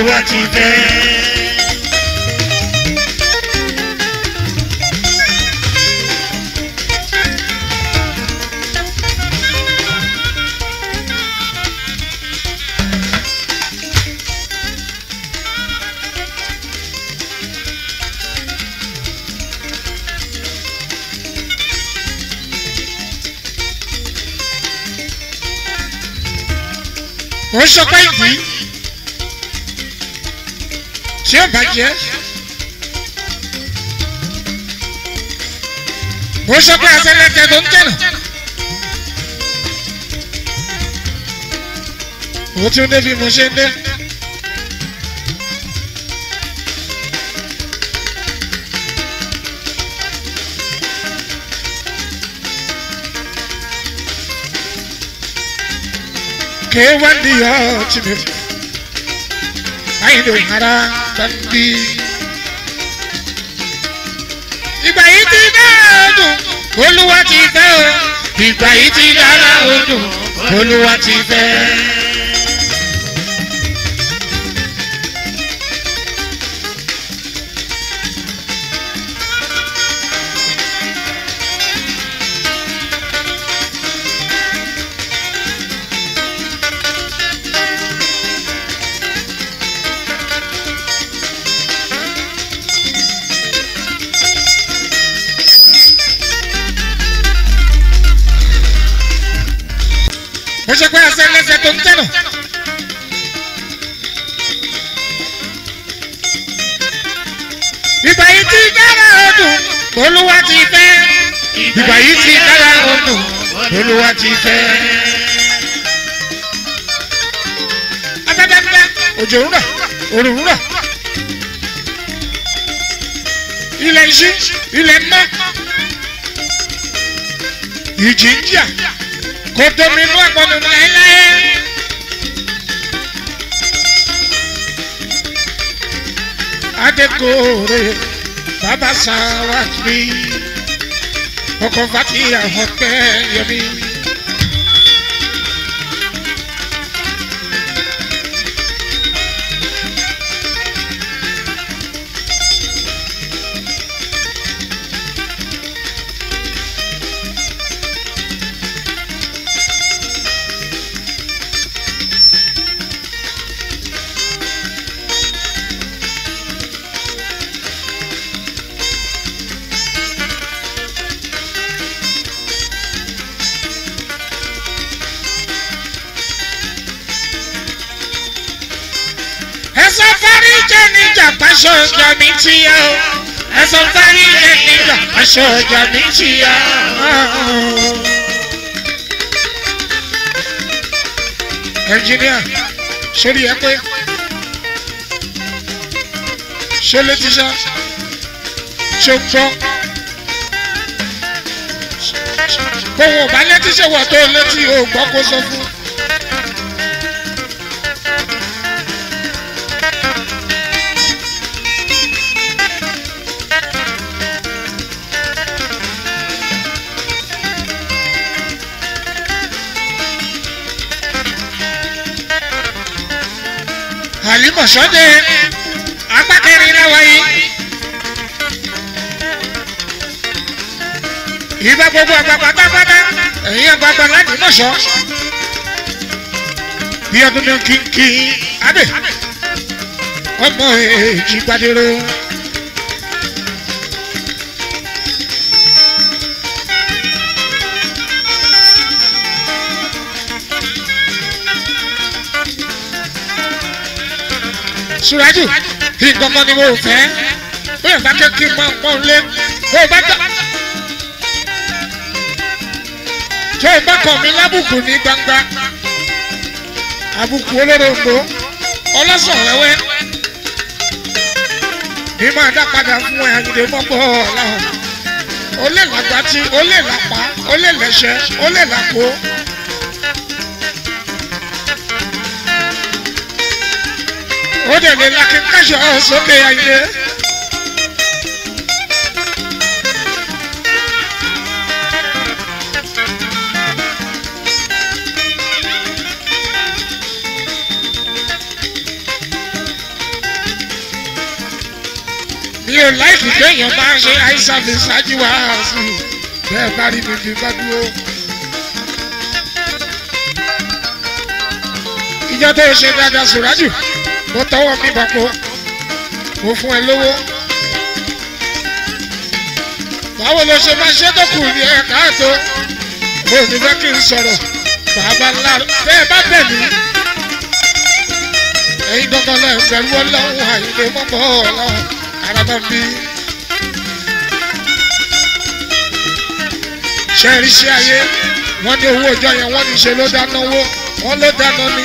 gbogbo wa ti fẹ́. wọ́n sọ pé yìí tí ó bàjẹ́ bó sọ pé asẹ́lẹ̀kẹ́ tó ń tẹ̀nà ó tún dé bí mo ṣe ń dé. K1DR, Chimera ìdòǹkàrà tàbí. ìgbà yìí ti dára ọdún olúwa ti fẹ́ o ìgbà yìí ti dára ọdún olúwa ti fẹ́. olúwa ti fẹ́. afẹ́fẹ́ ńlá òjò ńlá òrùn ńlá ilẹ̀ ń ṣí ilẹ̀ ń mọ́ ìjì ń jà kò tómi inú àpọ̀nù láéláé. adékòrè bàbá sáwà kiri ọkọ̀ a ọ̀kẹ́ yẹmi. ẹni jàpá ṣọ́jà mi ti yá o ẹ̀sán tárí ẹni jàpá ṣọ́jà mi ti yá o. ẹnjìníà sórí ẹ pé ṣé létí sá ṣe ń fọ́ kóhùn ọ̀bá létí ṣe wà tó létí o gbọ́ kó sọ fún. ọ̀sọ́dẹ apá kẹrin náà wáyé. ìbá gbogbo àgbàgbà pátápátá èyí àgbàgbà láti mọ̀ṣọ́. bí ọdún náà kí kí abẹ ọmọ èjì gbàdúrà. Sùrájù ìgbọ̀ngàn ni mo fẹ́ bóyá bá ké kí n máa pọ́n lé bóyá bá dá. tó o bá kọ̀ mí lábùkù ní gbangba àbùkù olóròǹdó ọlọ́sàn wẹ́wẹ́ ní máa dá padà fún ẹ àyìnlẹ̀ mọ́gbọ́ ọ̀la olè làgbàtì olè làpá olè lẹ́sẹ̀ olè làpó. ó tẹ̀lé lákínkáṣọ sókè ayé. mi ò láìpẹ́ kéèyàn máa ṣe àìsàlẹ̀ ṣáájú wa sí bẹ́ẹ̀ bá rí mi fi bá dúró. ìjọ tó ṣe dáadáa sùn rájù bó tọwọ́ mi bàpò mo fún ẹ lówó. báwo ló ṣe máa ṣe tó kù ní ẹ káàtó mo ò ní fẹ́ kí n sọ̀rọ̀ bàbá ńlá bẹ́ẹ̀ bá bẹ̀ mí. ẹ̀yin dandan lẹ́yìn pẹ̀lú ọlọ́run àìlè mọ́kọ́ ọlọ́run arábá ń bí. ṣe é rí sí ayé wọ́n ní owó ọjọ́ yẹn wọ́n ní ṣe ló dáná owó wọ́n ló dáná ni.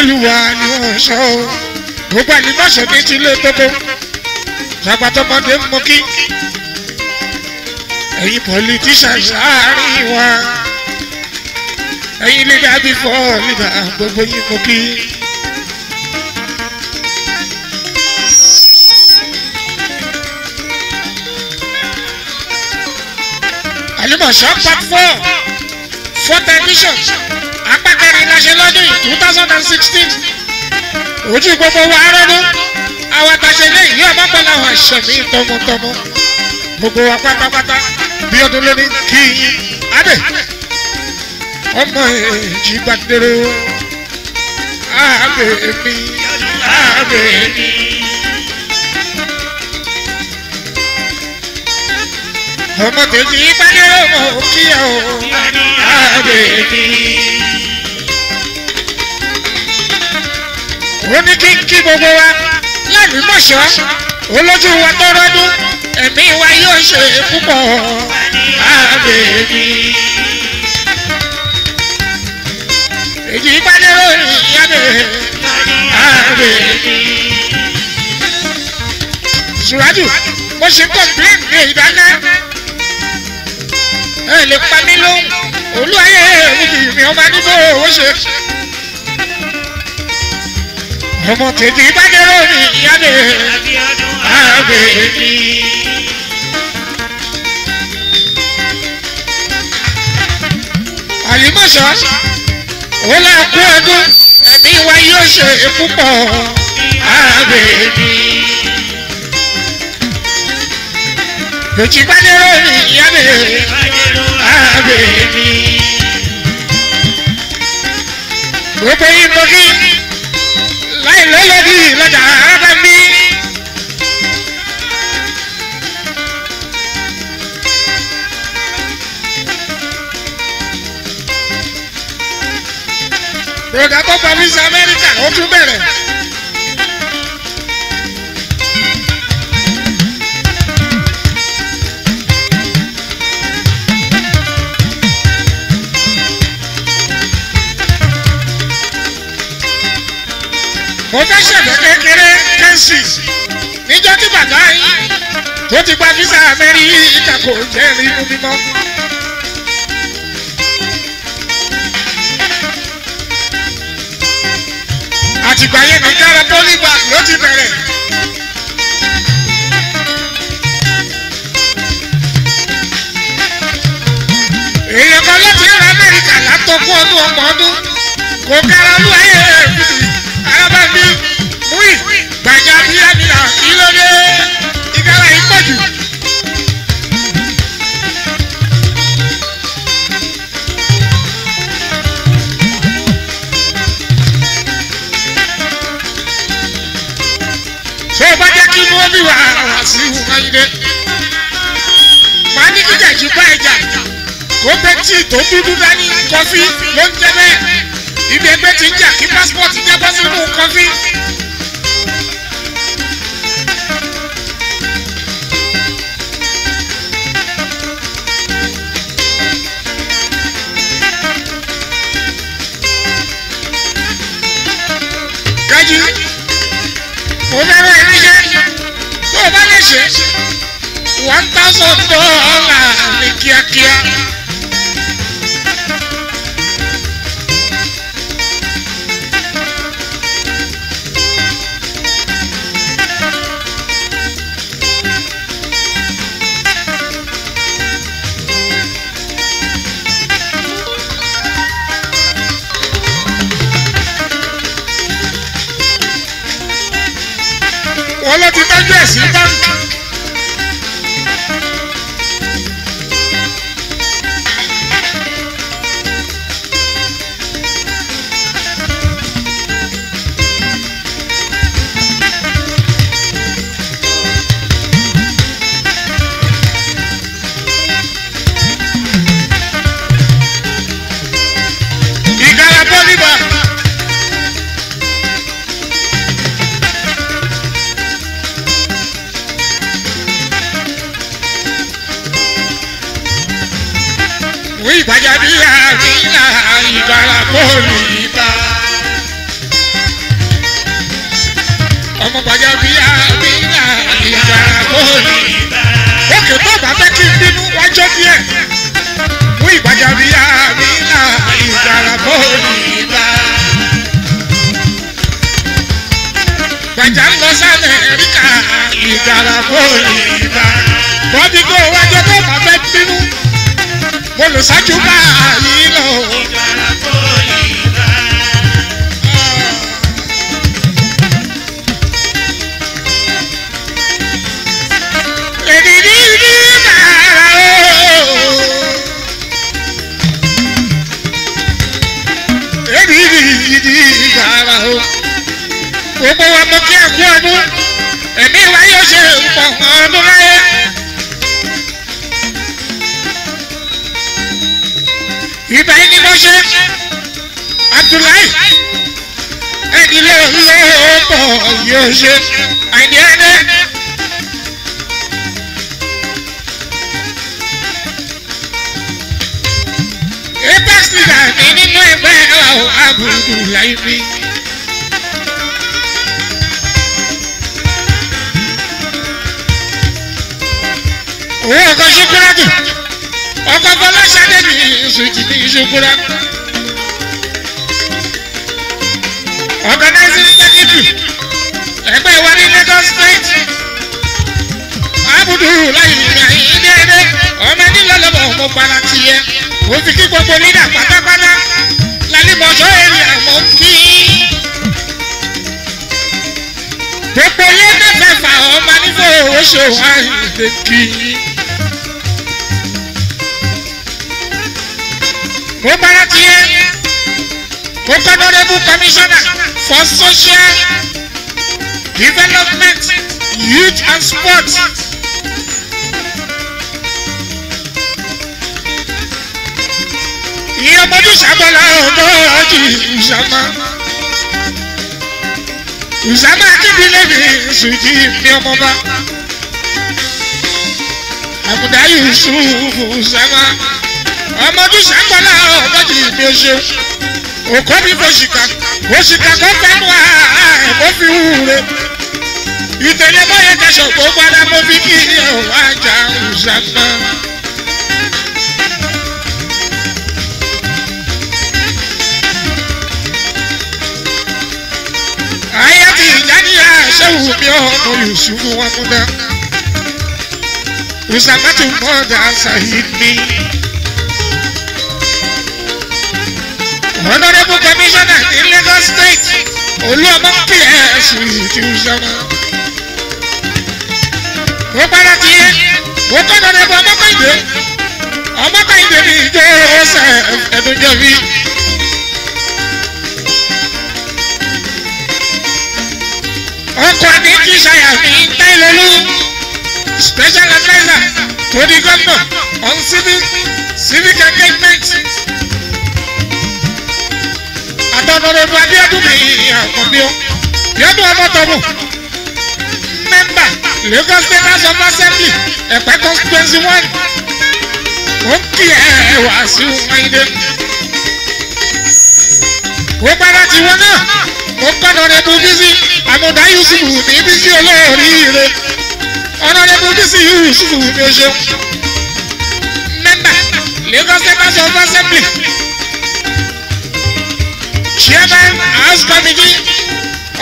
ìlúwa ni ó ń sọ ọ́ gbogbo àlìmọ́sọ̀ ní ti ilé gbogbo ṣàpàtọ́mọdé ń mú kí ẹ̀yin pọ̀lítíṣà sáárín wa ẹ̀yin lílẹ̀ àbífọ́ nígbà gbogbo yín mú kí. àlìmọ̀sọ̀ part four four television la ṣe lọ́dún yìí two thousand and sixteen ojú gbogbo wa rọ́dún àwọn àtàṣe ilé ìlú ọmọkànlá àwọn àṣẹmí tọmọtọmọ gbogbo wa pátápátá bí ọdún lónìí kí adé ọmọ èjì gbàdúró àbẹ̀ mi àbẹ̀ mi. ọmọ tèjì gbàdúró mọ̀ kí ẹ o àbẹ̀ mi. ó ní kí kí gbogbo wa láì mọ̀ṣọ́ olójú wa tó rọ́dún ẹ̀mí wa yóò ṣe púpọ̀ àbẹ̀bí. èyí gbàdúrà ìyáde àbẹ̀bí. ṣùwájú mo ṣe kọ́ńpléǹ ní ìdáná ẹ lè pa mí lóhùn olú ayé mi kì í mi ọba dúró owó ṣe ọmọ tètè dákẹ́rọ ní ìyáde àbẹ̀bí. àyìnbọ̀sọ̀ wọ́n lè kú ẹdún ẹ̀mí wa yóò ṣe púpọ̀ àbẹ̀bí. tètè dákẹ́rọ ní ìyáde àbẹ̀bí. gbogbo yìí lókè. الذي لك عرفني Rògà kó pa Miss America, ó tún bẹ̀rẹ̀. mo fẹ́ ṣẹ̀dọ̀ kékeré kẹ́ńsì níjọ́ tí bàbá yín tó ti gba físà amẹ́ríkà kò jẹ́ rí mú mímọ́. àtìgbà yẹn ní kára bọ́lígbà ló ti bẹ̀rẹ̀. èèyàn kan láti ará amẹ́ríkà látọkún ọdún ọgbọ̀n ọdún kò kára lú ayé rẹ̀ fún mi. Babandi wí Gbajabiamila kí ló dé ìgbàlá yìí pọ̀ jù. tó o bá jẹ́ kí wọ́n bí wà á sí ìwò káyidé. wàá ní kíjà bẹ́ẹ̀ ibi ẹgbẹ́ ti ń jà kí pásítọ̀tì jábọ́ sínú kọfí. dájú mo fẹ́ràn ẹni jẹ́ tó o bá lè ṣe one thousand dollar ní kíákíá. 时当当。olùsájú bá a yí lọ. ẹ̀yẹ́ ṣe àìdíẹ́dẹ́. apex leader ní nínú ẹgbẹ́ ẹ̀wà àbùrùdù láyé rí. owó ọkọ̀ ṣokúrọ́dù ọkọ̀ bọ́lá ṣadé ní ìṣòjì ní ìṣokúrọ́dù. street abudu láyé ìrìn déédé ọmọ nílọ́lọ́bọ̀ ọmọ gbala tiẹ̀ mo fi kí gbogbo nídà pátápátá lálébọ̀ṣọ́ èrè àmọ́ kí. gbogbo lẹ́tà fẹ́fà mo gbala tiẹ̀ kọmíṣánná for social development, youth and sports. ìyọmọdé sábọlá ọgbọ ọjì ìsàmà ìsàmà akíndílé ní ìsùjì ní ọmọba àbùdá yusuf ìsàmà ọmọdé sábọlá ọgbọjì ní oṣù òkọ́ bí fọ́ṣìkà òṣìkà kọ́ fẹ́ wá ẹ̀ kó fi wúre ìtẹ̀lẹ́ báyẹn tẹ̀sán kó padà mo fi kí ni ọ̀wá àjà òṣàpá. ayé ti ìjáníyà ṣéwù mi ọmọ yusufu wọn mú dá òṣàpá ti ń bọ̀ dá sahib mi. honorable commissioner in Lagos state olú ọmọ ps ìtúsọ́mọ́ wọ́pẹ́rẹ́ ti yé wọ́pẹ́rẹ́ ni bọ́ ọmọkàndé ọmọkàndé mi jẹ́ ẹsẹ̀ ẹ̀dùnjẹ́ mi. ọkọ̀ ní kí ṣayà mi ń tẹ́ lọ́lú special adviser to the governor on civic civic engagement. àtọ̀nọ̀rọ̀ ìbú adéyẹ́dùn mi àkànbí ó yẹ́dùn ọmọ tọ́mù Member. Lagos State House of Assembly Ẹ̀pẹ́ constituency one ó kì ẹ̀ Wàsíù Ayinde. ó padà tí wọ́n náà ó gbọ́dọ̀ rẹ̀ bu bísí àmọ̀dá Yusufu ní bísí olóríire ọ̀nàdẹ́bù bísí Yusufu ní o ṣeun. mẹ́mbà Lagos State House of Assembly chairman house committee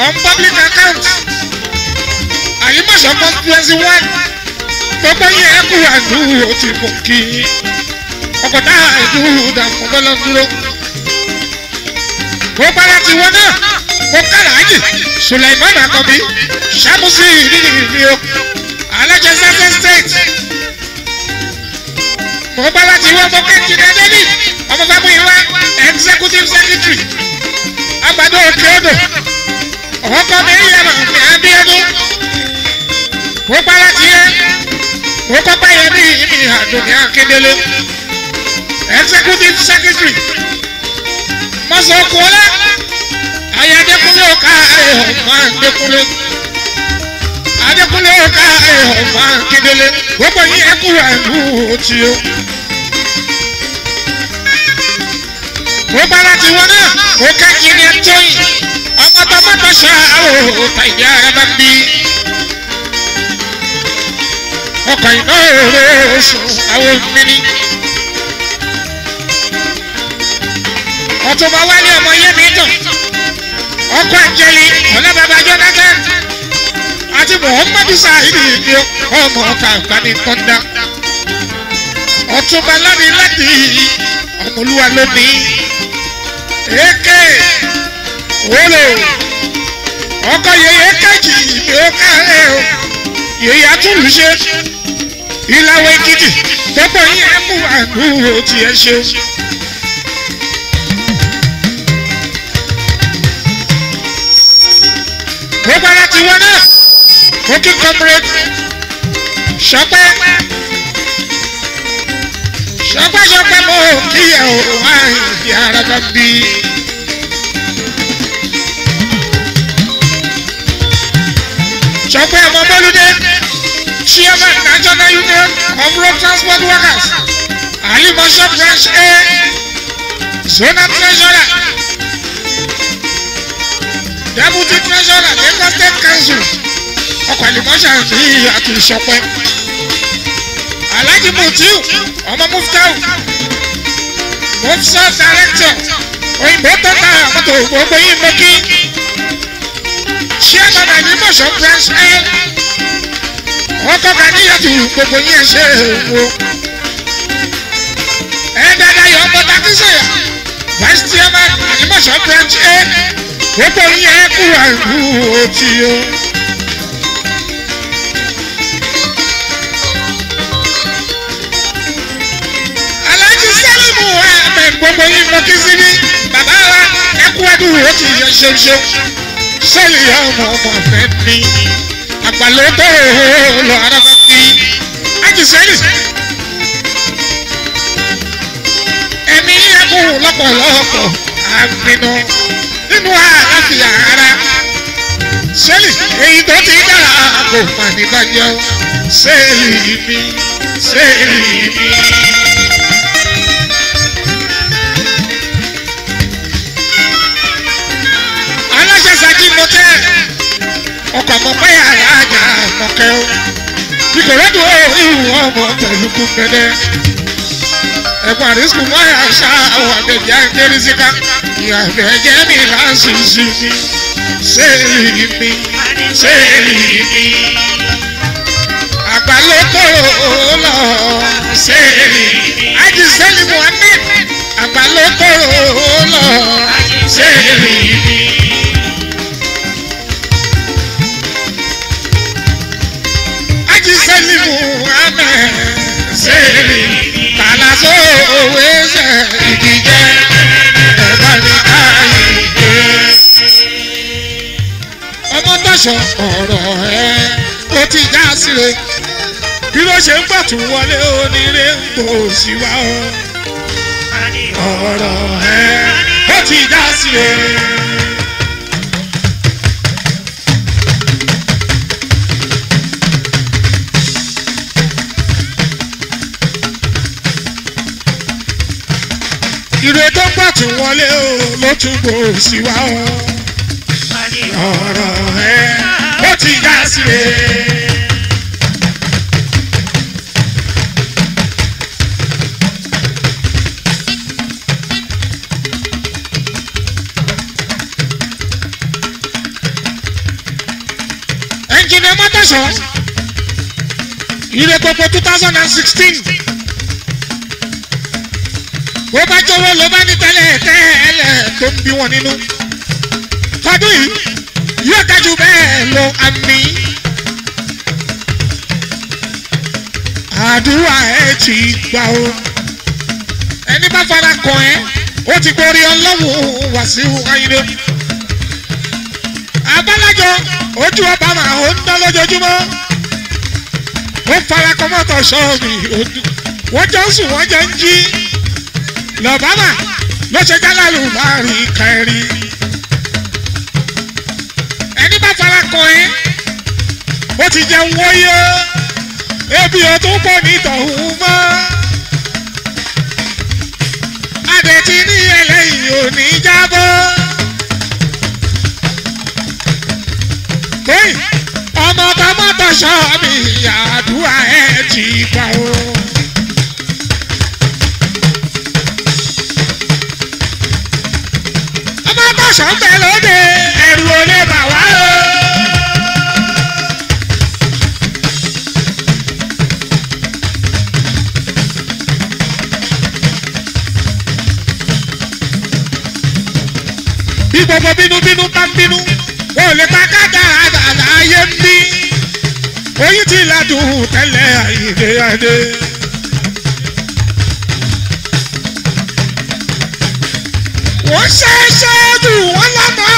on public accounts àyíbọ̀sọ̀ constituency one gbogbo yẹ ẹkú àdú òtí kò kí ọkọ̀dá àìdú dàpọ̀ bọ́lá dúró. gbogbo ara ti wọ náà mo kára ájì Suleiman Akọbi Samusi ìdílé mi o alájẹ sase state mo bá láti wọ mo kéjì náà David ọmọ bá mú ìwá executive secretary àgbàdo òkè odò ọkọ mi yẹ mọ àbí ẹnu wípé láti yẹ wípé báyọ̀ ní ìní àdùnní akíndélé executive secretary mọ́sọ̀kúnlá ayé adékúnlé ọ̀ka ẹ̀họ̀ máa ń dékúnlé adékúnlé ọ̀ka ẹ̀họ̀ máa ń kíndélé gbogbo yín ẹkúrò ẹ̀hú òtí o. gbogbo ara ti wọ́n náà ó ká ìrìn àjọyìn ọmọ tó mọ́tò ṣáà ó tàyè ara bá ń bí ọkàn iná èrè sùn àwọn mímí. ọ̀túnba wálé ọmọ yémi tàn ọkọ àjẹlì ọlọ́bàbà Jonathan àti Muhammadu Saheed ìdí ọmọ ọkà ìbánikọ́ndá ọ̀túnba lábí láti ọmọlúwa lónìí èké wọlé ọkọ yẹyẹ kejì ìdí ọkà rẹ yẹyẹ atúlùṣe ìlàwọ̀ èkìtì pẹ́pọ̀ yín á mú àdúró tiẹ̀ ṣe. mo gbára tiwọn náà mo kí comrade sọpẹ́ sọpẹ́ sọpẹ́ mo kí ẹ̀ ò wá ìdí ara bá bí. sọpẹ́ ọmọ bọ́lúdé chairman national union of road transport workers ali mosho branch a zonal treasurer deputy treasurer lagos state council ọkọ̀ àlùmọ́ṣà ní àtúnṣọpẹ́ alhaji mutiu ọmọ muftau Mufsa director òyìnbó tọ́ta àmọ́tò gbogbo yìí mọ́kí chairman ali mosho branch a wọ́n kọ́ka níyàtú gbogbo yín ẹ̀ ṣe èwo. ẹ dada yọ ọmọ takísọ̀yà vice chairman àyùmọ̀ṣọ́ branch a gbogbo yín ẹ kú àìkú òtí o. alájú sẹ́lẹ̀mù ẹ̀mẹ̀ gbogbo yín mo kí sí ní bàbá wa ẹ kú àdúrà òtí yẹn ṣeéṣe sẹ́lẹ̀ ọmọ ọmọ fẹ́ mi àpàlẹ́tẹ̀ lọ ara bá ti ájì sẹ́yìn. ẹ̀mí ẹ̀kú lọ́pọ̀lọpọ̀ àgbìnà nínú àlàáfíà ara. sẹ́lì èyí tó ti dára kò mà nígbà jọ sẹ́lì mi sẹ́lì mi. àmọ̀pẹ́ yàrá àjà àmọ̀kẹ́ o ìkòròdú ìhùn ọmọ tẹ̀lùkù gbẹdẹ ẹ̀kọ́ àdísùkù mọ́yà ṣá àwọn àgbẹ̀bí àgbẹ̀rí síká ìyàgbẹ́ jẹ́ mi láṣìṣì sẹ́ẹ̀lì mi sẹ́ẹ̀lì mi àgbàlókòrò lọ sẹ́ẹ̀lì àjì sẹ́ẹ̀lì muhammed àgbàlókòrò lọ sẹ́ẹ̀lì mi. àṣẹ òwe ṣe ìdíje ẹ̀bá ní káyìí. ọmọ tọ̀sọ̀ ọ̀rọ̀ ẹ̀ ó ti já síre bí ló ṣe ń pàtó wọlé onírè ń bò sí wa o. ọ̀rọ̀ ẹ̀ ó ti já síre. ti wọlé o ló tún bò sí wa o. ọ̀rọ̀ ẹ ó ti já sí e. ẹnjìnìá mọ́tò ìrẹ́pọ̀pọ̀ two thousand and sixteen wọ́n bá jọwọ́ ló bá ní tẹ́lẹ̀ tẹ́lẹ̀ tó ń bí wọn nínú. tọdún yìí yóò dájú bẹ́ẹ̀ lọ àmì. àdúrà ẹ ti gbà ó. ẹni bá fara kàn ẹ́ ó ti borí ọlọ́run wàsíù ayílé. abálájọ ojú ọba màá ó ń dán lójoojúmọ́. ó fara kọ́ mọ́tò ṣọ́ọ̀bì wọ́n jọ sùn wọ́n jọ ń jí lọ́bàmà ló ṣe jálàlù máa rìn kẹrin. ẹni bá fara kọ ẹ́ ó ti jẹun wọ́yọ́ ebi ò tún pọ̀ nítọ̀hún mọ́. adẹ̀tí ní ẹlẹ́yìn ò ní jábọ́. ọmọ ọba mọ́tò ṣọ́ọ̀bì àdúrà ẹ̀ ti gbà ó. ọ̀sán bẹ́ẹ̀ lóde ẹ̀rù olè bà wá o. bí gbogbo bínúbínú bá bínú wọn ò lè pa kága àdàlà ayé ń bí oyún ti ládùn tẹ́lẹ̀ àyè wọ́n ṣe ṣe jù wọ́n lọ́nà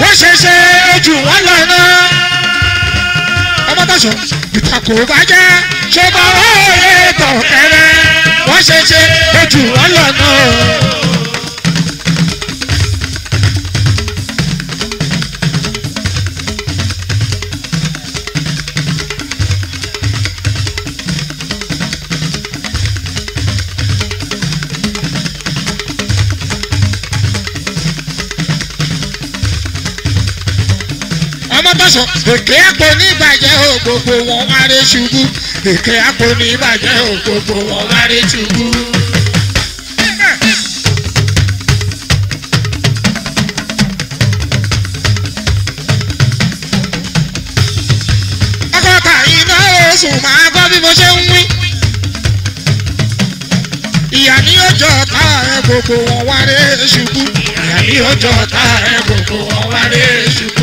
wọ́n ṣe ṣe jù wọ́n lọ́nà. ọmọ bàṣọ ìtàkùn bá jẹ́ ṣọgbọ́n ó lè tọ̀ kẹrẹ wọ́n ṣe ṣe jù wọ́n lọ́nà. mọ̀sán èké àpò ní ìbàjẹ́ o gbogbo wọn wá rí ṣubú èké àpò ní ìbàjẹ́ o gbogbo wọn wá rí ṣubú. ọkọ̀ọ̀kà iná oṣù máa gbọ́ bí mo ṣe ń wí. ìyá ní ọjọ́ ọ̀tá ẹ̀ gbogbo wọn wá rí ṣubú. ìyá ní ọjọ́ ọ̀tá ẹ̀ gbogbo wọn wá rí ṣubú.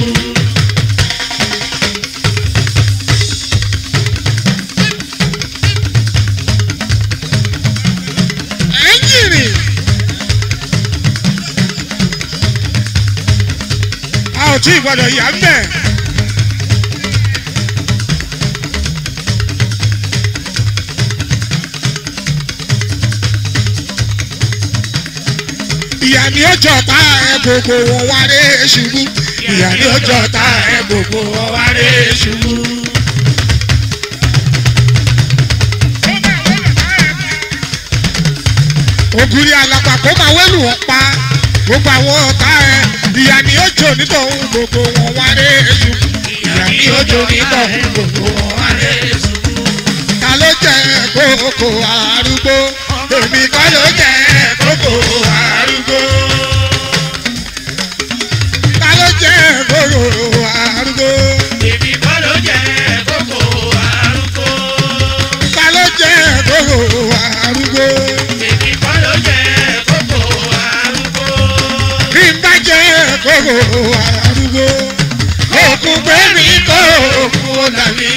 tí ìgbọ́dọ̀ yà ń bẹ̀. ìyá ni ó jọ ta ẹ gbogbo wọn wá dé ṣubú ìyá ni ó jọ ta ẹ gbogbo wọn wá dé ṣubú. ògùn ni máa wẹ́lù wọn gbogbo àwọn ọ̀tá ẹ ìyá ni ó jò nítòhún gbogbo wọn wá ré èṣù ìyá ni ó jò nítòhún gbogbo wọn wá ré èṣù. ta ló jẹ kókó arúgbó èmi náà. ọ̀nà mi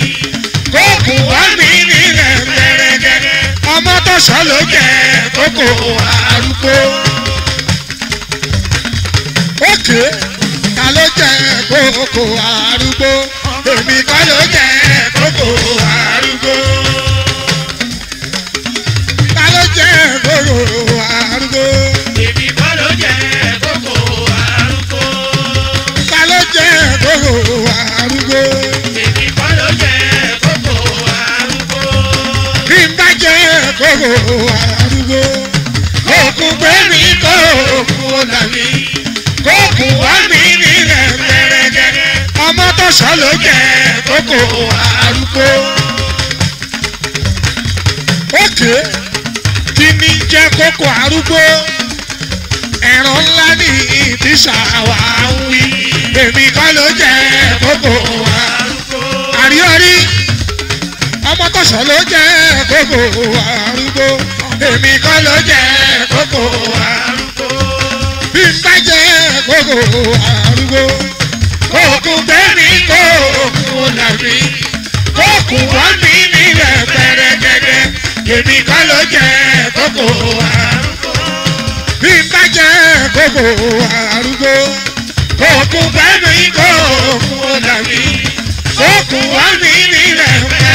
kókò wá mi nílẹ̀ mẹ́rẹ́gẹ́ ọmọ tó sọ ló jẹ́ kókò arúgbó. òkè ta ló jẹ́ kókò arúgbó èmi kọ́ ló jẹ́ kókò arúgbó. kò arúgbó kókù bẹ́ẹ̀ni kò kú ọ̀làmí kókù wámi nílẹ̀ mẹ́rẹ́gẹ́rẹ́ ọmọ tó sọ ló jẹ kókò arúgbó. òkè kí ni jẹ́ kókò arúgbó ẹ̀rọ ńlá ní ìtísà wà ń wí èmi kọ́ ló jẹ kókò arúgbó. àríyọ́rí ọmọ kọsọ ló jẹ kókó arúgbó èmi kọ́ ló jẹ kókó arúgbó bí n bá jẹ kókó arúgbó òkú bẹ́ẹ̀ni kó òkú làbí kókó wọ́n mi nílẹ̀ pẹ́rẹ́gẹ́dẹ́ èmi kọ́ ló jẹ kókó arúgbó bí n bá jẹ kókó arúgbó òkú bẹ́ẹ̀ni kó òkú làbí kókó wọ́n mi nílẹ̀ pẹ́rẹ́gẹ́dẹ́.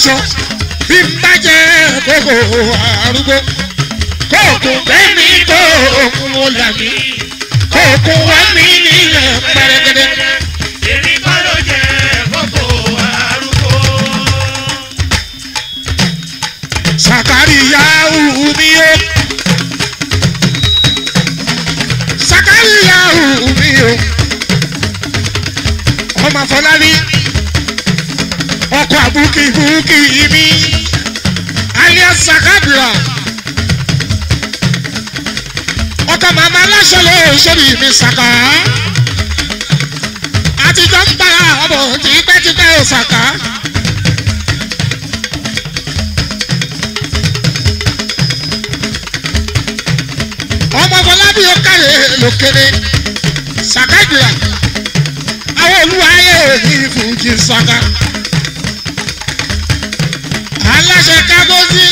sàn bí n bá jẹ kókò arúgbó kókò bẹ́ẹ̀ni tó òkun wò làbí kókò wá mi nílẹ̀ pẹ́rẹ́gẹ́dẹ́. èmi kọ́ ló jẹ kókò arúgbó. sàkárì yá òwú ọkọ̀ àbúkì búkì yìí alias sakabra ọkọ̀ màmá aláṣẹ lè ṣẹ́bi mi sàkà àtijọ́ ń bára ọmọ tipẹ́tipẹ́ ò sàkà. ọmọ fọlábí ó káyè lókèrè sàkàgbìyà àwọn olúwa ayé mi fún jí sàkà ṣe kágósì.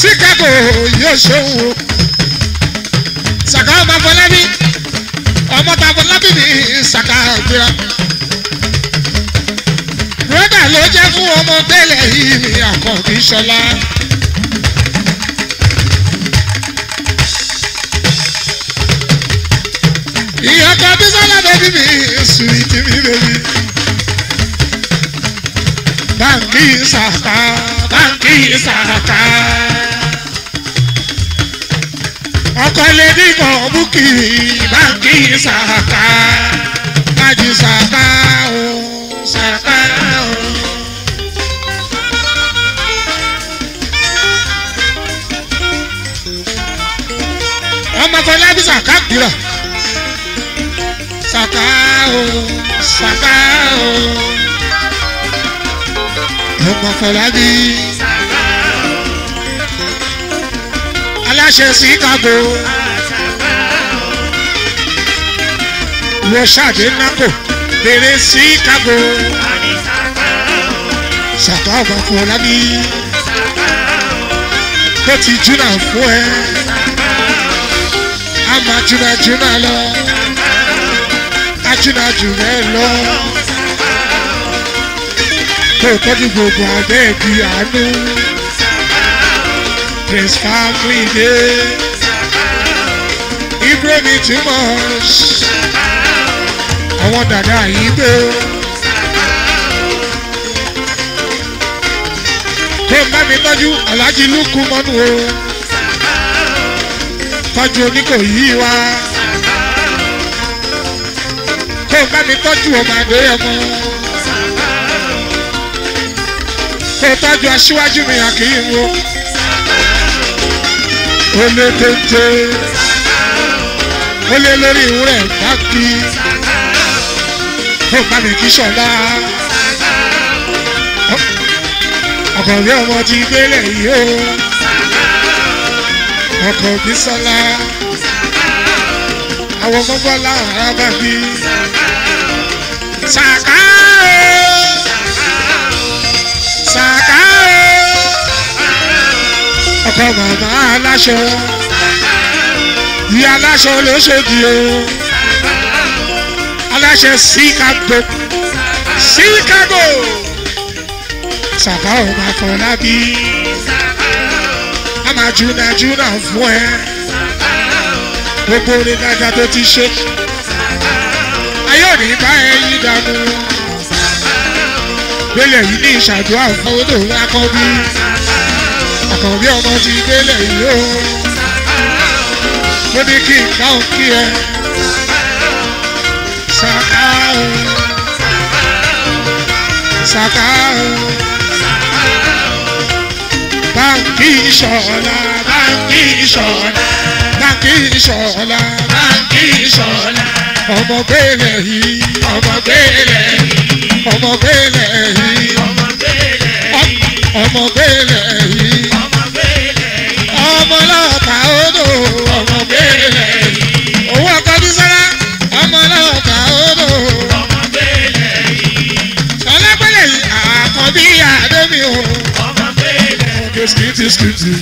Chicago yóò ṣòwò. Sàkà ọmọ Fọlábí ọmọ ta Fọlábí ní Sàkà ìgbéra. Bùrẹ́dà ló jẹ́ fún ọmọ tẹ́lẹ̀ yìí ní àkọ́bí Ṣọlá. Ìyá kan bí sọ́lá bẹ́bí mi, sùwìtì mi bẹ́bí báńkì saka, báńkì saka. ọkọ ilé dínkọ̀ búkì báńkì saka májì saka o sàkà o. ọmọ kan lábísà káàkiri sàkà o saka o ọmọ Fọlábí aláṣẹ Chicago wọ ṣáàdé nákò bèrè Chicago ṣàtọ́ ọmọ Fọlábí bó ti júnà fún ẹ a máa júnà júnà lọ a júnà jù rẹ lọ tọ́jú gbogbo abẹ́ẹ̀bí àánú Prince Franklin dé Ibrahim Timus àwọn dàda yìí dé. kó má mi tọ́jú Alhaji lukú mọ́nu o tọ́jú Oníkòyí wa kó má mi tọ́jú ọmọ àgbéyẹ̀mọ́ tọ́jú aṣíwájú mi àkìyìn o. ó lé téńté ó lé lórí ìwúrẹ̀ bá kí ó kí sọ̀lá. ọkọ̀wé ọmọ ti gbélé yìí o ọkọ̀ òbí sọlá àwọn gbọ́ngbọ́n láwọn ará bá bí. sàkà. ọkọ màmá aláṣọ ìyá aláṣọ ló ṣèjì o aláṣẹ síkàgbó síkàgbó sàbá ò máa kọ lábí a máa júnà júnà fún ẹ gbogbo orin dáadáa tó ti ṣe ayé òní bá ẹ dànù gbélé yìí ní ìṣàdúrà fún olóòrùn akọbí àkànbí ọmọ ti délẹ̀ yìí o ó ní kí n ká ò kí ẹ ṣàkà o ṣàkà o báńkì ìṣọ̀lá báńkì ìṣọ̀lá báńkì ìṣọ̀lá báńkì ìṣọ̀lá ọmọ bẹ́ẹ̀lẹ̀ yìí ọmọ bẹ́ẹ̀lẹ̀ yìí ọmọ bẹ́ẹ̀lẹ̀ yìí ọmọ bẹ́ẹ̀lẹ̀ yìí ọmọ ọlọ́ọ̀ta odò ọmọ bẹ́ẹ̀ lẹ́yìn. òun ọkọ bísọ́lá ọmọ ọlọ́ọ̀ta odò ọmọ bẹ́ẹ̀ lẹ́yìn. ọlọ́pẹ̀lẹ̀ yìí àkọ́bí àdébí o ọmọ bẹ́ẹ̀ lẹ́yìn. ọkọ skiti skiti.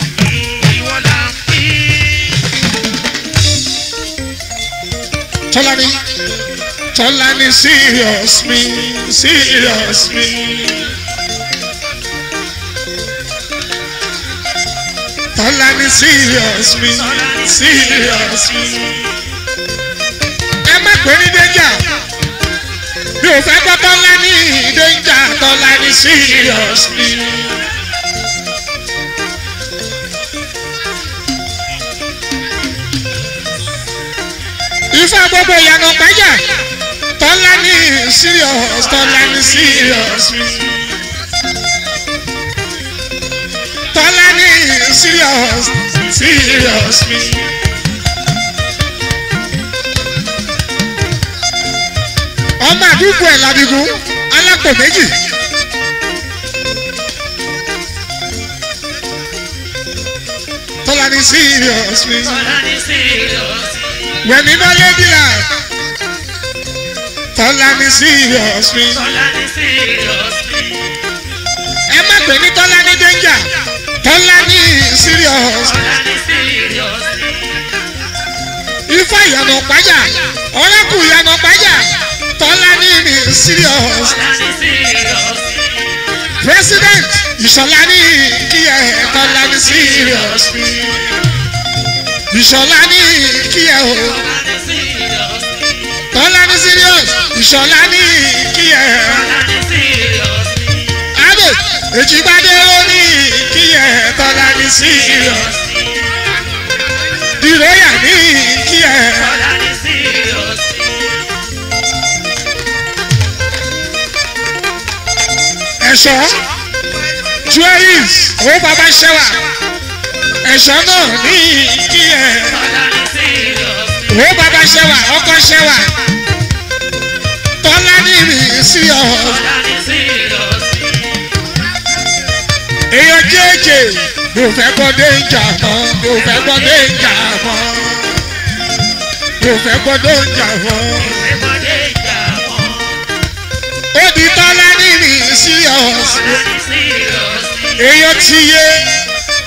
Tolani, Tolani, serious me, serious me. Tọ́lá ní serious mi serious mi. Ẹ má pè ní danger. Mi ò fẹ́ gbọ́ Tọ́lá ní danger Tọ́lá ní serious mi. Ifá gbogbo ìyànà pàjá. Tọ́lá ní serious Tọ́lá ní serious mi. serious, serious me. ọmọ àdúgbò ẹ̀ ladigun alápò méjì. Tọ́lání serious me. Tọ́lání serious me. Wẹ̀mí náà lady life. Tọ́lání serious me. Tọ́lání serious me. Ẹ má pè ní Tọ́lání danger. Tọ́lání serious. ifá ìyànà pàjá ọ̀rẹ́kù ìyànà pàjá tọ́lá ní ní serious. president ìṣọ̀lá ní kí ẹ tọ́lá ní serious. ìṣọ̀lá ní kí ẹ o tọ́lá ní serious ìṣọ̀lá ní kí ẹ. adé èjìgbádé ó ní ẹ̀ tọ́lá ní sí ìrọ̀ dìrẹ́yà ní ìkí ẹ̀. ẹ̀ṣọ́ jewelries owó bàbá ṣẹ́wà ẹ̀ṣọ́ náà ní ìkí ẹ̀. owó bàbá ṣẹ́wà ọkọ ṣẹ́wà tọ́lá ní ìrìn sí ọ̀ èèyàn jẹ́jẹ́ mi ò fẹ́ gbọ́ déńjà mọ́ mi ò fẹ́ gbọ́ déńjà mọ́ mi ò fẹ́ gbọ́ déńjà mọ́. Odi di tọ́lá nínú serious èèyàn ti yé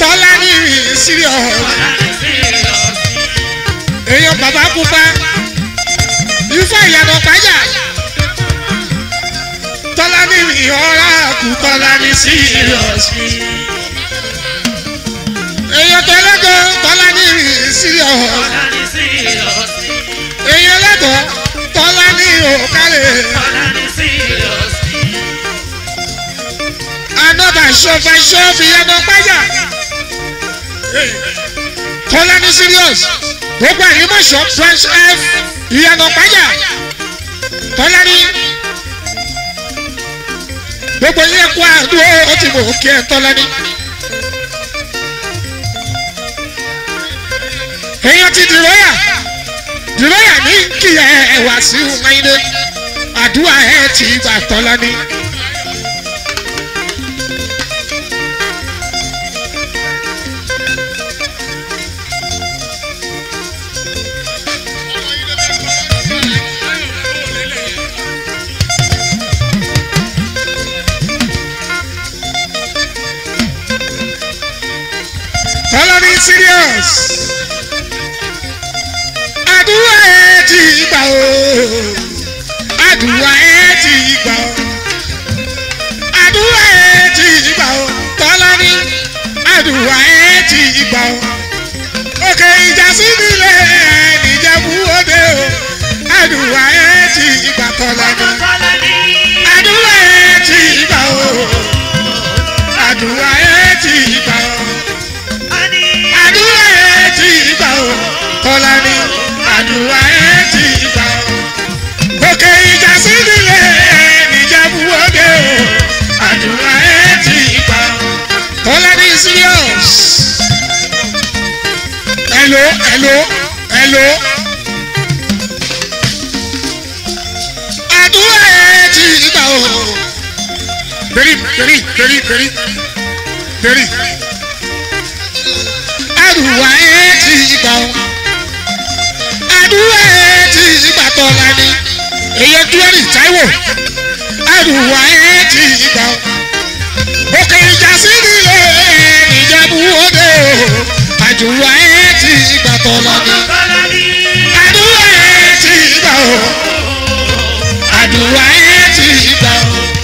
tọ́lá nínú serious èèyàn bàbá kú bá ifá ìyànà pàjá ìhọ́ra kùtọ́lá ní sírìọ̀sì. èèyàn tọ́lẹ́gọ̀ tọ́lá ní sírìọ̀sì. èèyàn lẹ́tọ̀ tọ́lá ní òkàlẹ̀. anọ́bà ṣọ́fà ṣọ́ọ̀fì yàtọ̀ pájà. tọ́lá ní sírìọ̀sì. gbogbo àyè mọ̀ṣọ́ fresh f ìyàtọ̀ pájà. tọ́lá ní gbogbo yẹn kó àdúró ó ti mọ̀ kí ẹ tọ́lá ní. èèyàn ti dìrọ́yà dìrọ́yà ní kí ẹ wá sí ìwọ̀n ayé àdúrà ẹ ti gbà tọ́lá ní. yes àdúrà ẹ ti gbà o àdúrà ẹ ti gbà o àdúrà ẹ ti gbà o tọ́lá ní àdúrà ẹ ti gbà o òkè ìjà sí nílẹ̀ nìjẹ̀bú òde o àdúrà ẹ ti gbà tọ́lá ní àdúrà ẹ ti gbà o àdúrà ẹ ti gbà o. ọ̀la ni àdúrà ẹ̀ ti gbà ọ́. òkè ìjà sídìlẹ̀ níjà buwọ́dé o àdúrà ẹ̀ ti gbà ọ́. ọ̀la ni serious. hello hello hello. àdúrà ẹ̀ ti gbà ọ́. pèrí pèrí pèrí pèrí pèrí. àdúrà ẹ̀ ti gbà ọ́. èyẹ dúrẹ́rì táíwò àdùwà ẹ̀ ti gbà òkè ìjà sí nílé ìjẹ̀bú òde àdùwà ẹ̀ ti gbà tọ́lá ni àdùwà ẹ̀ ti gbà o àdùwà ẹ̀ ti gbà o.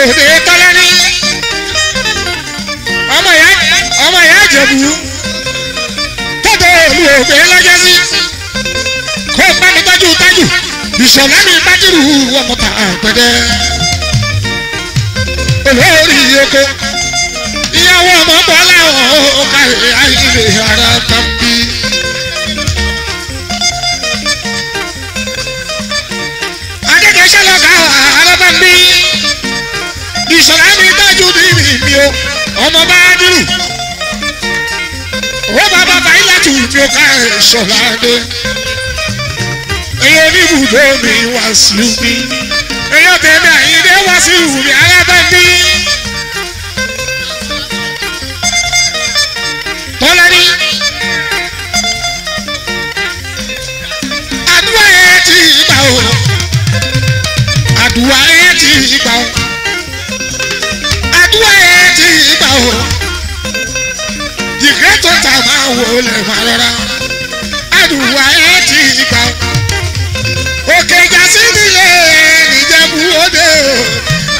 èdè tọ́lá ní ọmọ ìyá ọmọ ìyá ìjẹ̀bù tọ́tọ̀ èlú èdè lọ́jọ́ sí kó o bá mi tọ́jú tájù ìṣọ̀lá mi bájúrù ọmọta àgbẹ̀dẹ olórí oko ìyàwó ọmọ bọ́lá ọ̀ọ́ ọ̀ka ìyá ara tàbí. sọ̀rọ̀ ẹni tájú dìrì mi o ọmọ bá dùn ó bàbá báyìí láti ìdí ọkà rẹ̀ sọ̀rọ̀ adé èyí oníbùdó mi wá sí mi èyí ọ̀tẹ̀mí àyíndé wá sí ìwù mi alábẹ́ndé. tọ́lání àdúrà yẹn ti gbà o àdúrà yẹn ti gbà o. wò yìgẹ́ e e tó ta máa wò lè má rọra àdùnnú ayé ti gbà òkè ìjà nílé nìjẹ̀bú òde o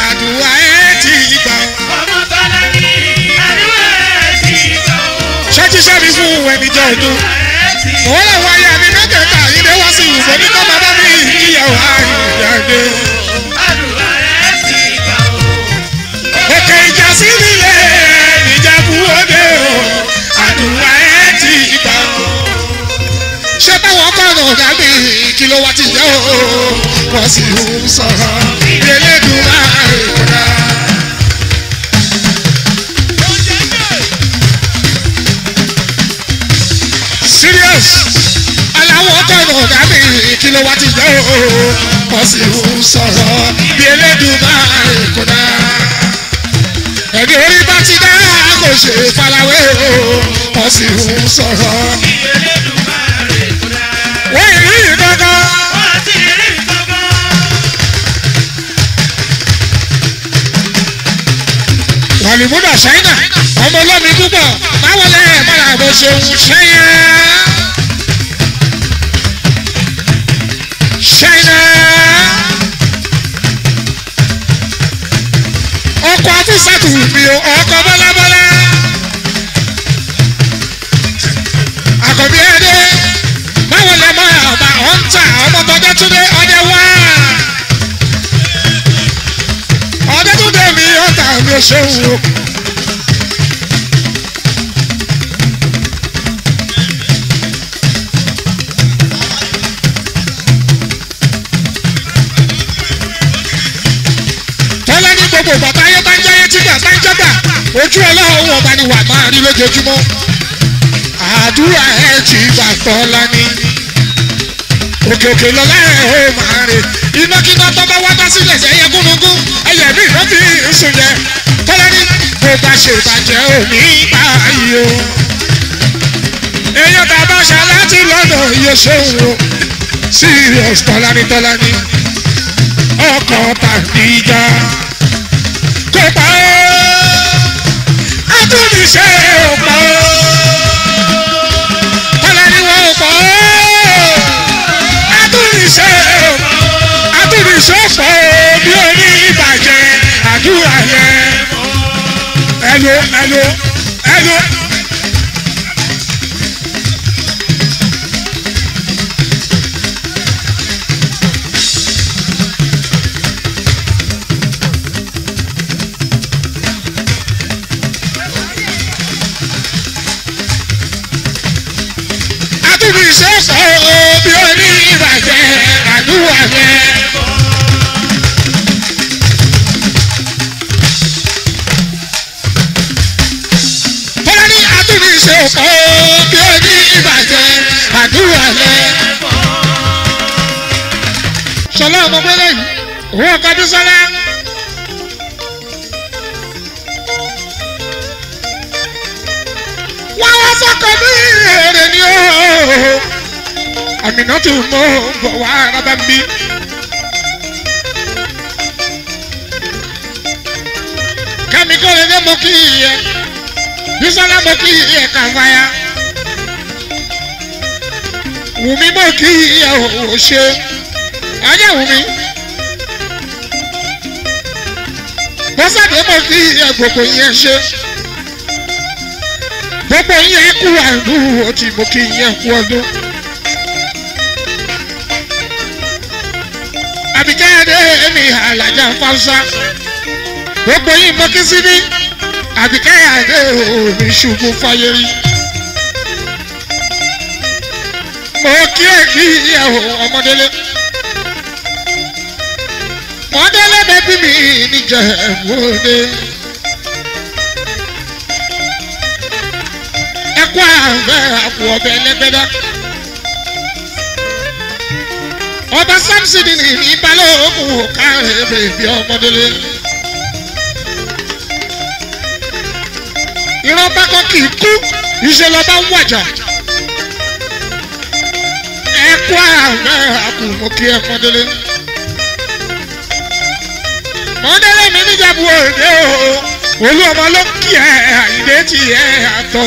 àdùnnú ayé e ti gbà. ọmọ tọ́lá ní àdúrà ti gbà o. ṣé tí sẹ́ni fún ìwẹ̀ níjọ́ ọdún? òun lè wáyé àmì mẹ́tẹ̀ẹ̀ta yìí lé wá sí ìwò ní kọ́ bàbá mi ìyàwó àìjáde. òkè ìjà nílé. ṣé táwọn kọ̀ọ̀nà dàbí kí ló wá ti yẹ o wọ́n sì ń sọ̀rọ̀ elédùnmá ìkọ̀dá. serious aláwọ̀ kọ̀ọ̀nà dàbí kí ló wá ti yẹ o wọ́n sì ń sọ̀rọ̀ elédùnmá ìkọ̀dá. ẹ̀dùn orí bá ti dá kò ṣe faláwé o wọ́n sì ń sọ̀rọ̀ elédùnmá ìkọ̀dá. màlìmúdà ṣáínà ọmọ ọlọ́mi púpọ̀ báwo lẹ́yìn mọ́ra àbọ̀ ṣeun ṣẹ́yìn. ṣáínà ọkọ̀ àti sátìwù mi o ọkọ̀ bọ́lábọ́lá. àkọ́bí ẹ̀dẹ́ báwo lẹ́mọ́ ọ̀tá ọmọ tọ́jọ́ túnde ọdẹ wá. ilé ṣéwù o. tọ́lá ní gbogbo ìgbà táyé bá ń jáyé tígbà bá ń jọ́gbà ojú ọlọ́run ọba ni wà máa rí lójoojúmọ́ àdúrà ẹ̀ ti gbà tọ́lá ní òkèkè lọ́lá ẹ̀ ó máa rè ìnákíná tọ́ba wá bá sílẹ̀ sí ẹyẹ gúnugún ẹyẹ mi ìná fi ń sùn jẹ tọ́lá ní bó bá ṣe ìbàjẹ́ òní báyìí o. èèyàn tàbá ṣe láti lọ́nà iye ṣéun o serious tọ́lá ní tọ́lá ní ọkọ̀ tàbí kópa ó àtúnṣe ò pa sọ́sọ́ bí oní ìbàjẹ́ àdúrà yẹn. ẹnu ẹnu ẹnu. àtúbí sọ́sọ́ bí oní ìbàjẹ́ àdúrà yẹn. ṣọlá ọmọgbẹ́lẹ̀ yìí òun ọkọ Bísọ́lá. wọ́n wá sọ́kọ̀ ní èrè ni ó àmìnà tó mọ́ bọ̀ wá rábà mi. kẹ́mi kọ́ lè dé mo kí iye Bísọ́lá mo kí iye kàfáyà wùmí mo kí iye òṣè ayé àwọn mi. bọ́sàdé mọ̀ sí ẹ̀gbọ̀gbọ̀ yẹn ṣe. gbogbo yẹn kú àdúrú ọtí mo kí yẹn kú ọdún. àbíjáde èmi àlàjà fáṣá. gbogbo yìí mọ́ kí sí ní àbíkáyàdé òní ṣubú fáyé rí. mo kí ẹ̀ kí ìyàwó ọmọdélé. bí mi níjẹ̀wòde. ẹkú àfẹ àpò ọbẹ lẹgbẹdá. ọba samson ní ìbálòkù káàrin bèbí ọmọdélé. ìran bá kọ́ kì í kú ìṣèlú ọba ń wàjà ẹkú àfẹ àpò mọ́kí ẹ̀fọ́délé. bu òde o olú ọmọ ló kí ẹ àyíndé ti ẹ àtọ.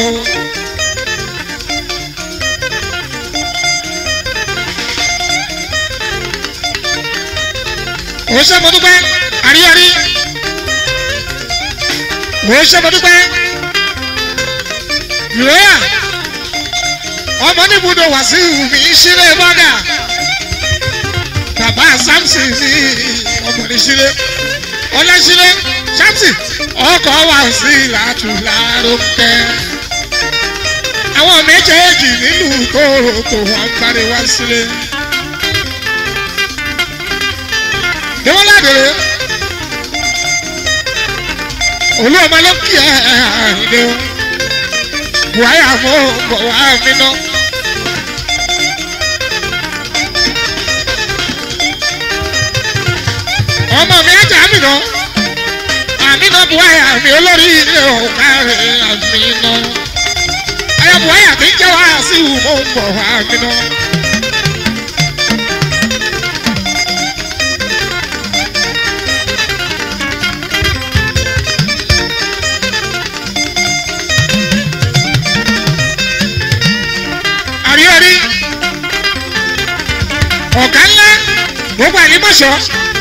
mo ṣe mo dúpẹ́ àríyárí mo ṣe mo dúpẹ́ ìrora ọmọ níbùdó wàsíù mi ṣílẹ̀ bọ́gà bàbá samson ní ọmọ ní ṣílẹ̀ ọlẹ́sílẹ̀ ṣáàtì ọkọ̀ wà sí ìlàtúlárọ̀kẹ́ àwọn méjèèjì nílùú Toronto agbárí wá sílẹ̀. níwọ́n ládùúrẹ́ olú ọmọ ló kí ẹ ẹ ẹ ẹ ní o buhari àfọwọ́ bọ̀ wá mi náà. ọmọ mi ajá mi nà àmínà buhari àmì olórí ilé ọ̀ka rẹ̀ àmínà ẹ̀yà buhari àti jẹ́ wá sí ìwúmọ̀ ń bọ̀ àmínà. ọ̀gá ńlá gbogbo àlímọ̀ṣọ́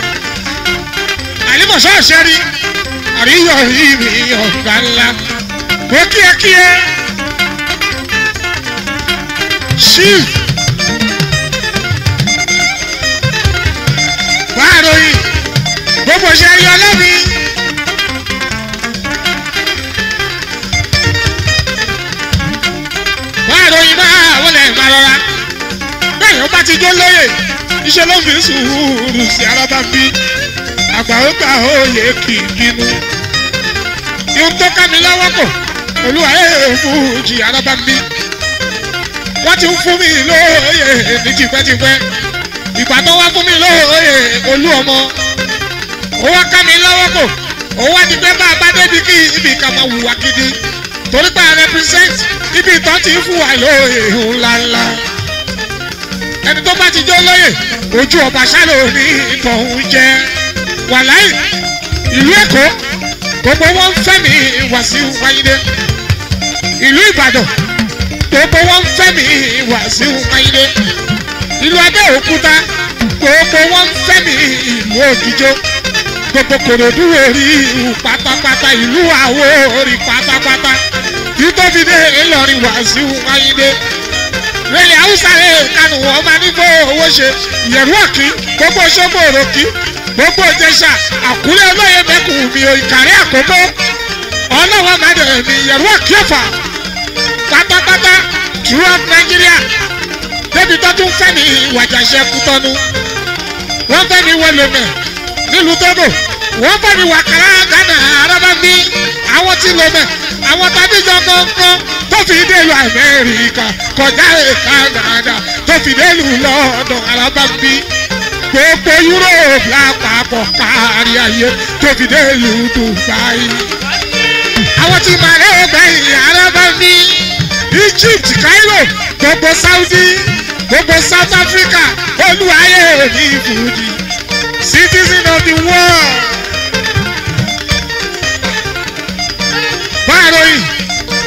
àìlímọ̀sọ́ ṣẹ́rí àríyọ̀ yìí ọ̀gá ńlá pé kíákíá sí wàá ròyìn gbogbo ṣe rí ọlọ́mi. wàá ròyìn náà wọlé máa rọra bẹ́ẹ̀ yóò bá ti jó lóye iṣẹ́ ló fi sùúrù sí arábàbí àtàwọ́tà òòyè kì í bínú. ihun tó ká mi olúwa ẹ̀ fújì alábàmí. wọ́n ti ń fún mi lóòyè ní tipẹ́tipẹ́. ìgbà tó wá fún mi lóòyè olú ọmọ. ó wá ká mi lọ́wọ́ bá a bá débi kí ibi kan máa wùwà gidi. torí pé a represent ibi ìtọ́ ti ń fún wa lóòyè ńláńlá. ẹni tó bá ti jó lóyè ojú ọba ṣálò ní ìtọ̀hún jẹ́ wàláì ìlú èkó gbogbo wọn ń fẹ́ mi Wàsíù Wáyídé ìlú ìbàdàn gbogbo wọn ń fẹ́ mi Wàsíù Wáyídé ìlú abẹ́òkúta gbogbo wọn ń fẹ́ mi ìlú òdìjọ́ gbogbo kòròdú orí pátápátá ìlú àwo orí pátápátá títóbi dé Ìlọrin Wàsíù Wáyídé rẹ̀lẹ̀ haúsá rẹ̀ kanu ọba nígbò owó ṣe yẹ̀rú ọ̀kí gbogbo ṣọ́gbó òròkí gbogbo ìjẹsà àkúrẹ́ ọlọ́yẹ mẹ́kùn mi ò ìkàrẹ́ àkókò ọlọ́wọ́ mẹ́rin èmi yẹ̀rọ àkíyèfà pátápátá throughout Nigeria débi tó tún fẹ́ ní ìwàjàṣẹ́ kútọ́nu wọ́n fẹ́ ní wọlọ́mẹ̀ nílùú Togo wọ́n fẹ́ ní wàkàrà Ghana arábàbí àwọn tí lọ́mẹ̀ àwọn tàbíjọ kankan tó fi dé ìlú Amẹ́ríkà kọjá èka Ghana tó fi dé ìlú London arábàbí gbogbo Europe lápapọ̀ kárí ayé tó fi dé ìlú Dubai. àwọn tí màlẹ́ bẹ́yìn arábẹ́bí Egypt Cairo gbogbo Saudi gbogbo South Africa olúwayé ní fúdì citizen of the world. báàrò yìí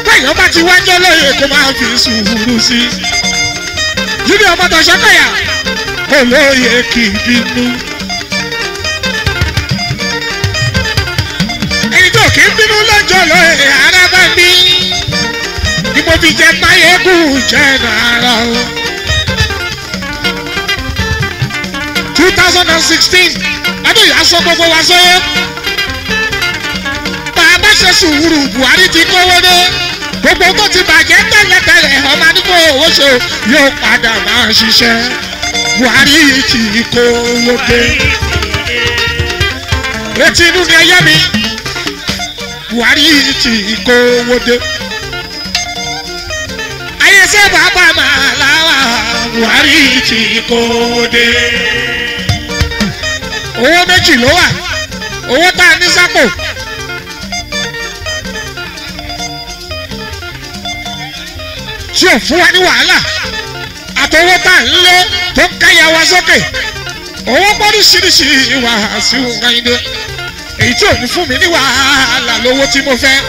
báyọ̀ bá ti wájọ́ lóye kó máa fi sùúrù sí i. yìí ni ọmọ tọ̀ṣọ́ kọ̀yà eléyè kì í bínú. ẹni tó kì í bínú lọ́jọ́ lọ ara bá ní ni mo fi jẹ máyégún jẹ nàárọ̀ o. two thousand and sixteen ọdún yìí aṣọ gbogbo wa sọ́yẹ́ bàbá ṣe sùúrù Buhari ti kówó dé gbogbo tó ti bàjẹ́ tẹ́lẹ̀tẹ́lẹ̀ ọmọ àdúgbò owó ṣe yóò padà máa ṣiṣẹ́. Buhari ti kó owó dé. Retí inú ni ayé mi, Buhari ti kó owó dé. Ayé ṣé bàbá màá láwà, Buhari ti kó owó dé. Owó méjì ló wà, owó tá a ní sápò. Tí ò fún wa ní wàhálà, àtọwọ́ tá a ń lé tó káyà wá sókè owó pọ́ríṣiríṣi wà sí Kẹ́hìndé èyí tí òun fún mi ní wàhálà lówó tí mo fẹ́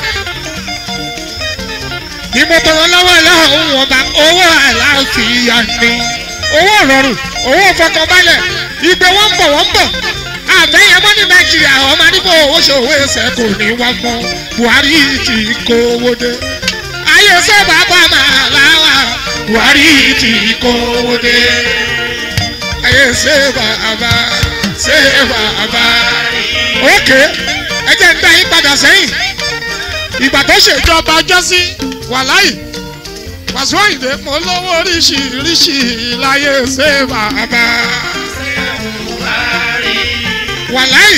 ni mo tọrọ lọ́wọ́ ẹlẹ́hàn òun ọba owó àláàfin ìyá ni owó rọrùn owó fọkànbalẹ̀ ìgbé wọn ń bọ̀ wọ́n ń bọ̀ àbẹ́yẹmọ́ ní Nàìjíríà ọmọ nígbà owó ṣòwò ẹsẹ̀ kò ní wọ́n mọ́ Buhari kì í kó owó dé ayé sọ́ọ̀bù àbámà làwà Buhari kì í kó owó dé ayé ṣe bàbá ṣe bàbá. ókè ẹ jẹ́ ń dá yín padà sẹ́yìn ìgbà tó ṣèjọba jọ́sí wàláì Wasiu Ayinde mo lówó oríṣiríṣi láyé ṣe bàbá. wàláì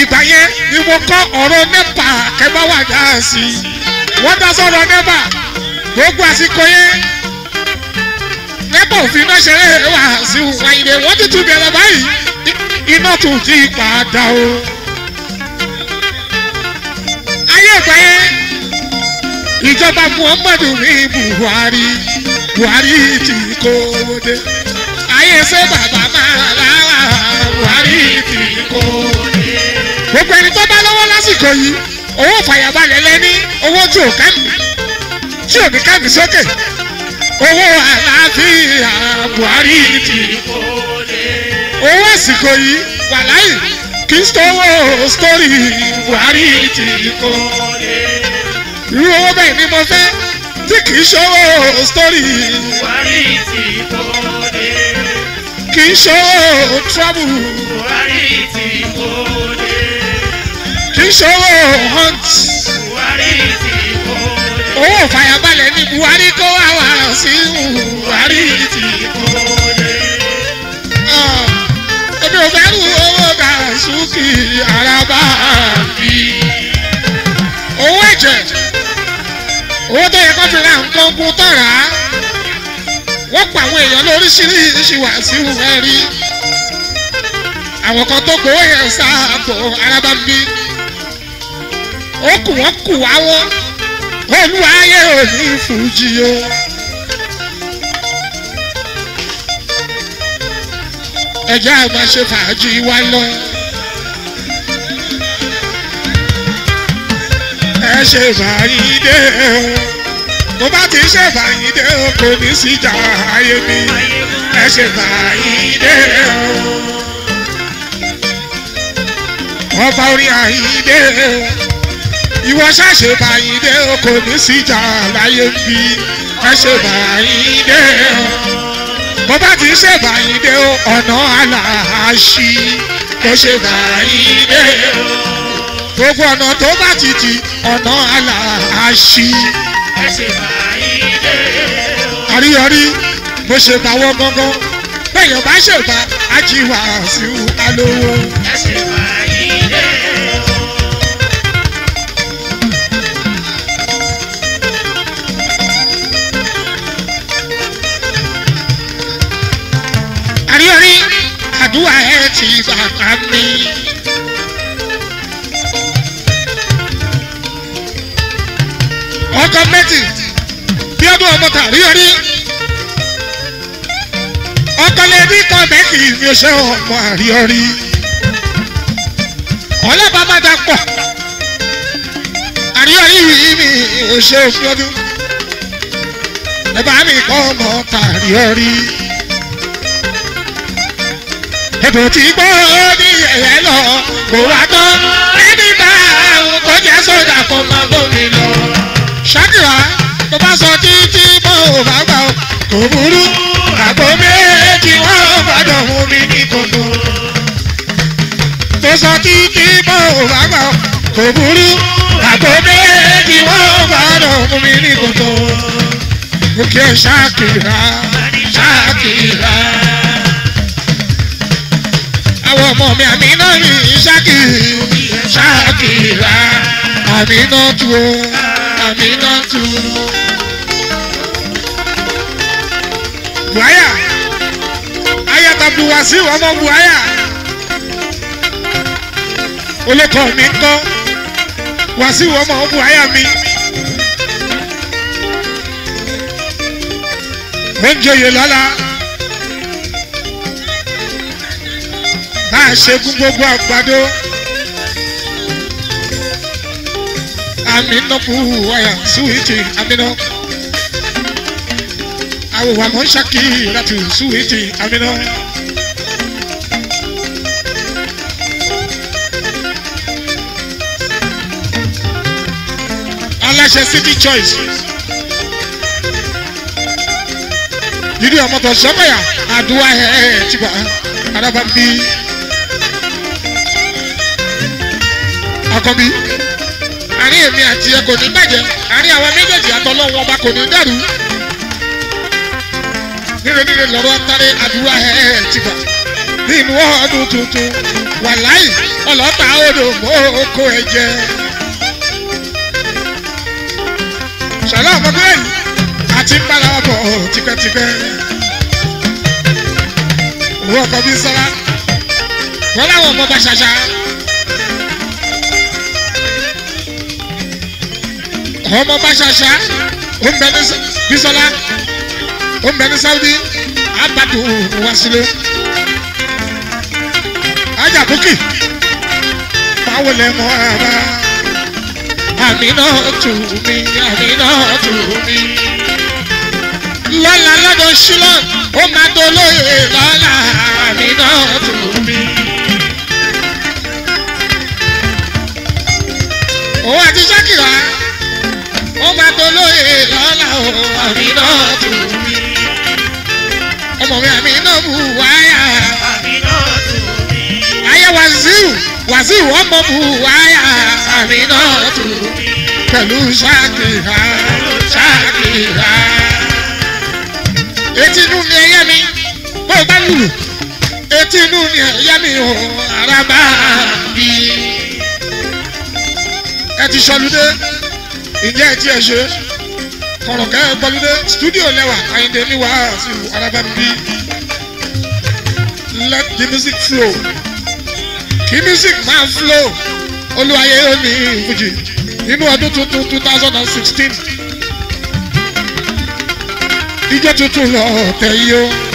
ìgbà yẹn ni mo kọ́ ọ̀rọ̀ nẹ́pà kẹ́bá wà dáhà sí i wọ́n dá sọ̀rọ̀ nẹ́pà gbogbo àsìkò yẹn bọ̀ fi náà ṣeré wà sí wáyé wọ́n ti tún bẹ̀rẹ̀ báyìí iná tún jí padà o. ayé ìgbà yẹn ìjọba muhammadu ní buhari buhari ti kó dé ayé ṣé bàbá máa lára buhari ti kó dé. gbogbo ẹni tó bá lọ́wọ́ lásìkò yìí owó fàyàbalẹ̀ lẹ́ni owó tí ò kẹ́mi tí ò ní kẹ́mi sókè owó àlàáfíà Buhari ti kọ́lé. owó àsìkò yìí wàláì kì í sọ́wọ́ sítórì Buhari ti kọ́lé. irú owó bẹ́ẹ̀ ni mo fẹ́ tí kì í sọ́wọ́ sítórì Buhari ti kọ́lé. kì í sọ́wọ́ tírábù Buhari ti kọ́lé. kì í sọ́wọ́ hunt Buhari ti kọ́lé owó fàyàbalẹ̀ ní Buhari kó wá wà sí Buhari ti kó lé. Ah, èmi ò bẹ̀rù owó Dàsúkì Àràbà mi. owó ẹ̀jẹ̀ owó tó yẹ kó fi ra nǹkan kú tọ̀rà wọ́n pa àwọn èèyàn lóríṣiríṣi wà sí Buhari. àwọn kan tó kó yẹ sáà tó Àràbà mi. ó kù wọ́n kù wá wọ́n olúwayé òní fújì o. ẹjẹ́ àgbà ṣe fàájì wá lọ. ẹ ṣe fàyídé o mo bá ti ṣe fàyídé o kò ní síjà ayé mi ẹ ṣe fàyídé o. ọba orí àyídé o ìwọ ṣàṣe báyìí o kò ní síjà láyé ń bí ṣàṣe báyìí o bó bá ti ṣe báyìí o ọ̀nà aláàṣì kò ṣe báyìí o gbogbo ọ̀nà tó bá ti di ọ̀nà aláàṣì kò ṣe báyìí o. àríyọrí bó ṣe bá wọ́n gángan bẹ́ẹ̀ yọ̀bá ṣèbá ajíwá sí alówó. ẹ ṣe báyìí. àmín. ọkọ méjì bí ọdún ọmọ tàrí orí ọkọ lẹbi kan mẹ́kì ní oṣù ọmọ àrí orí ọlọ́ba má dá pọ̀ àrí orí yìí ní oṣù ọdún ẹ bá mi kọ́ ọmọ tàrí orí tó ti gbọ́ ní yẹ̀yẹ́ lọ kó wá tán ẹni bá àwọn tó jẹ́ sódà kó máa bómi lọ. ṣákìrá tó bá sọ títí mọ́ ò bá gbà ó kò burú àgbo méjì wọ́n bá dọ̀ mú mi ní kòkó. tó sọ títí mọ́ ò bá gbà ó kò burú àgbo méjì wọ́n bá dọ̀ mú mi ní kòkó. òkè ṣákìrá ṣákìrá àwọn ọmọ mi àmínà rí ṣáàkì ṣáàkì rà àmínà tu o àmínà tu. buhaya ayata buwasi ọmọ buhaya olóko mi ń kọ́ wàásù ọmọ buhaya mi. oúnjẹ yìí lọ́la. ṣẹ́gun gbogbo àgbàdo. Amina bu waya suwiti Àwòwà mọ̀ ń ṣàkí láti suwiti Amina. Aláṣẹ City Choice. Yìí ni ọmọ tó sọ́kọ̀yà àdúrà ẹ̀ ẹ̀ tìgbà adábàbí. àkọ́bí àárín èmi àti ẹ kò ní bàjẹ́ àárín àwa méjèèjì àtọlọ́wọ́ ọba kò ní dàrú nírèdíre lọ́rọ́ táré àdúrà ẹ̀ẹ́ ti gbà nínú ọdún tuntun wàláì ọlọ́ta odò mọ́ọ́kọ́ ẹ̀jẹ̀. sọlá ọmọbìnrin àti bára wa tipẹ́tipẹ́ òwú ọkọ̀ bí sọ́ra wọ́n láwọn ọmọ bá ṣàṣà. àwọn ọmọ bá ṣàṣà ó ń bẹ bisola ó ń bẹ abatu wasile ajabuki báwo lè mọ ara àmì náà tù mí àmì náà tù mí lọ́la lọ́dọ̀ ṣúlọ̀ ó máa tó lóye lọ́la àmì náà tù mí. òun àti sákìrà dolóye lọ́la o àmì náà tù mí. ọmọ mi àmì náà bù wáyà. àmì náà tù mí. ayé wàzíù wàzíù ọmọ bù wáyà. àmì náà tù mí. pẹ̀lú ṣáàkìrà ṣáàkìrà. etí inú mi ẹyẹ mi bó o bá lùlù etí mi ẹyẹ mi ò ará bá a bí ìjẹ́ ìtí ẹ̀ ṣe kọ̀rọ̀kẹ́ gbọ́lúdé stúdíò lẹ́wà àyíndé ní wàásù arábàbí let the music flow kí music máa flow olúwayé ó ní ìfújì nínú ọdún tuntun two thousand and sixteen ìjẹ́ tuntun lọ́ọ́ tẹ̀ yí o.